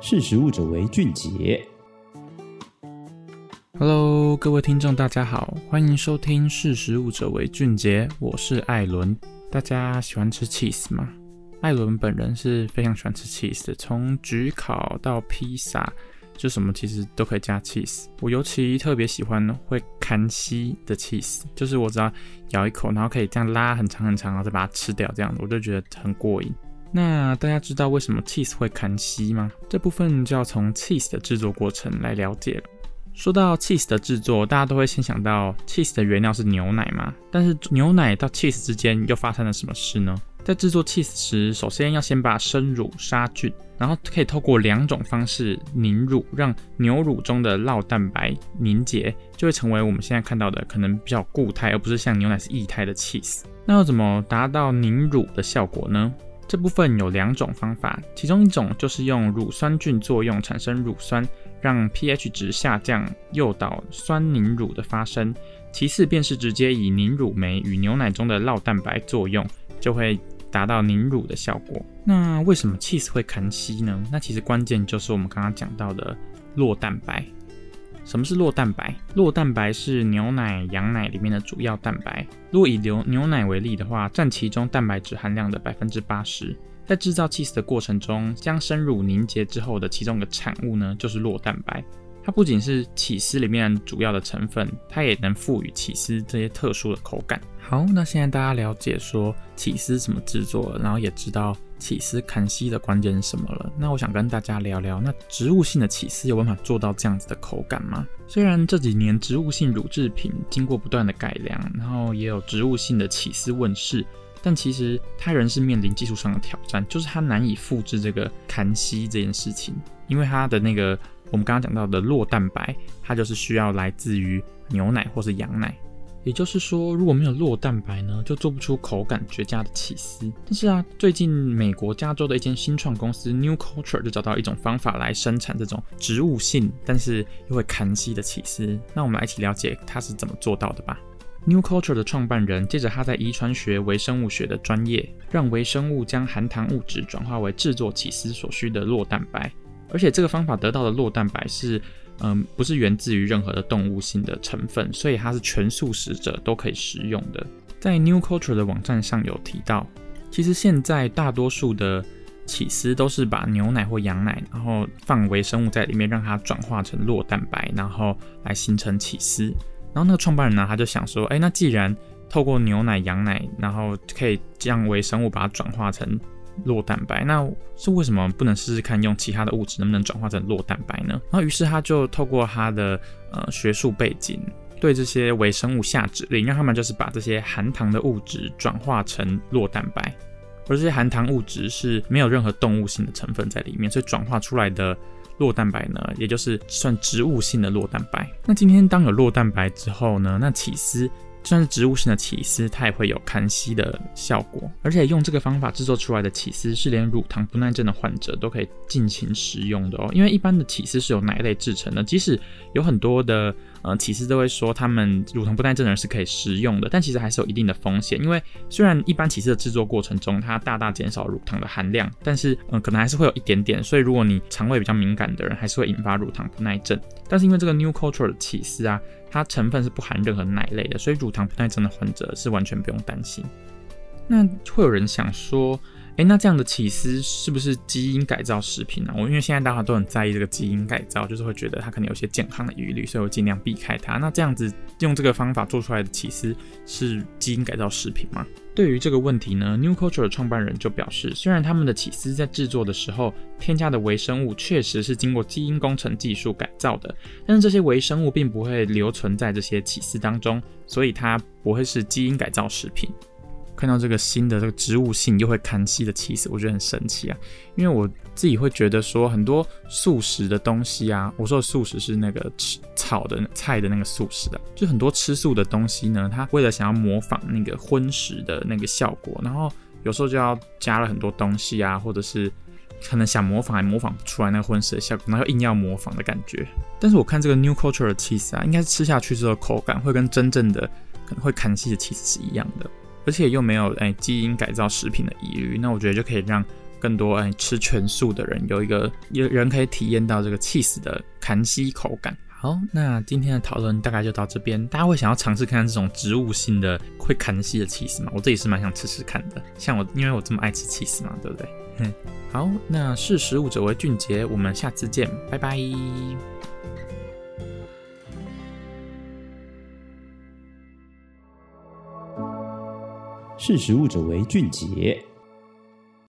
識食物者為俊傑。Hello，各位聽眾，大家好，歡迎收聽《識食物者為俊傑》，我是艾倫。大家喜歡吃 cheese 嗎？艾倫本人是非常喜歡吃 cheese 的，從焗烤到披薩，就什麼其實都可以加 cheese。我尤其特別喜歡會牽絲的 cheese，就是我只要咬一口，然後可以這樣拉很長很長，然後再把它吃掉，這樣子我就覺得很過癮。那大家知道為什麼 cheese 會含息嗎？這部分就要從 cheese 的製作過程來了解了。說到 cheese 的製作，大家都會先想到 cheese 的原料是牛奶嘛。但是牛奶到 cheese 之間又發生了什麼事呢？在製作 cheese 時，首先要先把生乳殺菌，然後可以透過兩種方式凝乳，讓牛乳中的酪蛋白凝結，就會成為我們現在看到的可能比較固態，而不是像牛奶是液態的 cheese。那要怎麼達到凝乳的效果呢？這部分有兩種方法，其中一種就是用乳酸菌作用產生乳酸，讓 pH 值下降，誘導酸凝乳的發生；其次便是直接以凝乳酶與牛奶中的酪蛋白作用，就會達到凝乳的效果。那為什麼 cheese 會牽絲呢？那其實關鍵就是我們剛剛講到的酪蛋白。什麼是酪蛋白？酪蛋白是牛奶、羊奶裡面的主要蛋白。如果以牛牛奶為例的話，占其中蛋白質含量的百分之八十。在製造 cheese 的過程中，將生乳凝結之後的其中一個產物呢，就是酪蛋白。它不僅是起司裡面主要的成分，它也能賦予起司這些特殊的口感。好，那現在大家了解說起司怎麼制作，然後也知道起司牽絲的關鍵是什麼了。那我想跟大家聊聊，那植物性的起司有辦法做到這樣子的口感嗎？雖然這幾年植物性乳制品經過不斷的改良，然後也有植物性的起司問世，但其實它仍是面臨技術上的挑戰，就是它難以複制這個牽絲這件事情，因為它的那個。我們剛剛講到的酪蛋白，它就是需要來自於牛奶或是羊奶。也就是說，如果沒有酪蛋白呢，就做不出口感絕佳的起司。但是啊，最近美國加州的一間新創公司 New Culture 就找到一種方法來生產這種植物性，但是又會牽絲的起司。那我們來一起了解它是怎麼做到的吧。New Culture 的創辦人借着他在遺傳學、微生物學的專業，讓微生物將含糖物質轉化為製作起司所需的酪蛋白。而且這個方法得到的酪蛋白是，嗯、呃，不是源自於任何的動物性的成分，所以它是全素食者都可以食用的。在 New Culture 的網站上有提到，其實現在大多數的起司都是把牛奶或羊奶，然後放微生物在裡面，讓它轉化成酪蛋白，然後來形成起司。然後那個創辦人呢，他就想說，哎、欸，那既然透過牛奶、羊奶，然後可以將微生物把它轉化成。酪蛋白，那是為什麼不能試試看用其他的物質能不能轉化成酪蛋白呢？然後於是他就透過他的呃學術背景，對這些微生物下指令，讓他們就是把這些含糖的物質轉化成酪蛋白。而這些含糖物質是沒有任何動物性的成分在裡面，所以轉化出來的酪蛋白呢，也就是算植物性的酪蛋白。那今天當有酪蛋白之後呢，那起司。就算是植物性的起司，它也會有牽絲的效果，而且用這個方法製作出來的起司是連乳糖不耐症的患者都可以進行食用的哦。因為一般的起司是由奶類製成的，即使有很多的呃起司都會說他們乳糖不耐症的人是可以食用的，但其實還是有一定的風險。因為雖然一般起司的製作過程中它大大減少乳糖的含量，但是嗯、呃、可能還是會有一點點，所以如果你腸胃比較敏感的人，還是會引發乳糖不耐症。但是因為這個 New Culture 的起司啊。它成分，是不含任何奶類的，所以乳糖不耐症的患者是完全不用擔心。那會有人想說。誒，那這樣的起司是不是基因改造食品呢、啊？我因為現在大家都很在意這個基因改造，就是會覺得它可能有些健康的疑慮，所以我儘量避開它。那這樣子用這個方法做出來的起司是基因改造食品嗎？對於這個問題呢，New Culture 的創辦人就表示，雖然他們的起司在制作的時候添加的微生物確實是經過基因工程技術改造的，但是這些微生物並不會留存在這些起司當中，所以它不會是基因改造食品。看到這個新的這個植物性又會牽絲的起司，我覺得很神奇啊！因為我自己會覺得說，很多素食的東西啊，我說素食是那個吃炒的菜的那個素食的啊，就很多吃素的東西呢，它為了想要模仿那個葷食的那個效果，然後有時候就要加了很多東西啊，或者是可能想模仿還模仿不出來那個葷食的效果，然後硬要模仿的感覺。但是我看這個 New Culture 的起司啊，應該是吃下去之後的口感會跟真正的可能會牽絲的起司是一樣的。而且又沒有、哎、基因改造食品的疑慮，那我覺得就可以讓更多哎吃全素的人有一個有人可以體驗到這個 cheese 的牽絲口感。好，那今天的討論大概就到這邊。大家會想要嘗試看看這種植物性的會牽絲的 cheese 嗎？我自己是蠻想吃吃看的。像我，因為我這麼愛吃 cheese 嘛，對不對？好，那識食物者為俊傑，我們下次見，拜拜。識食物者為俊傑。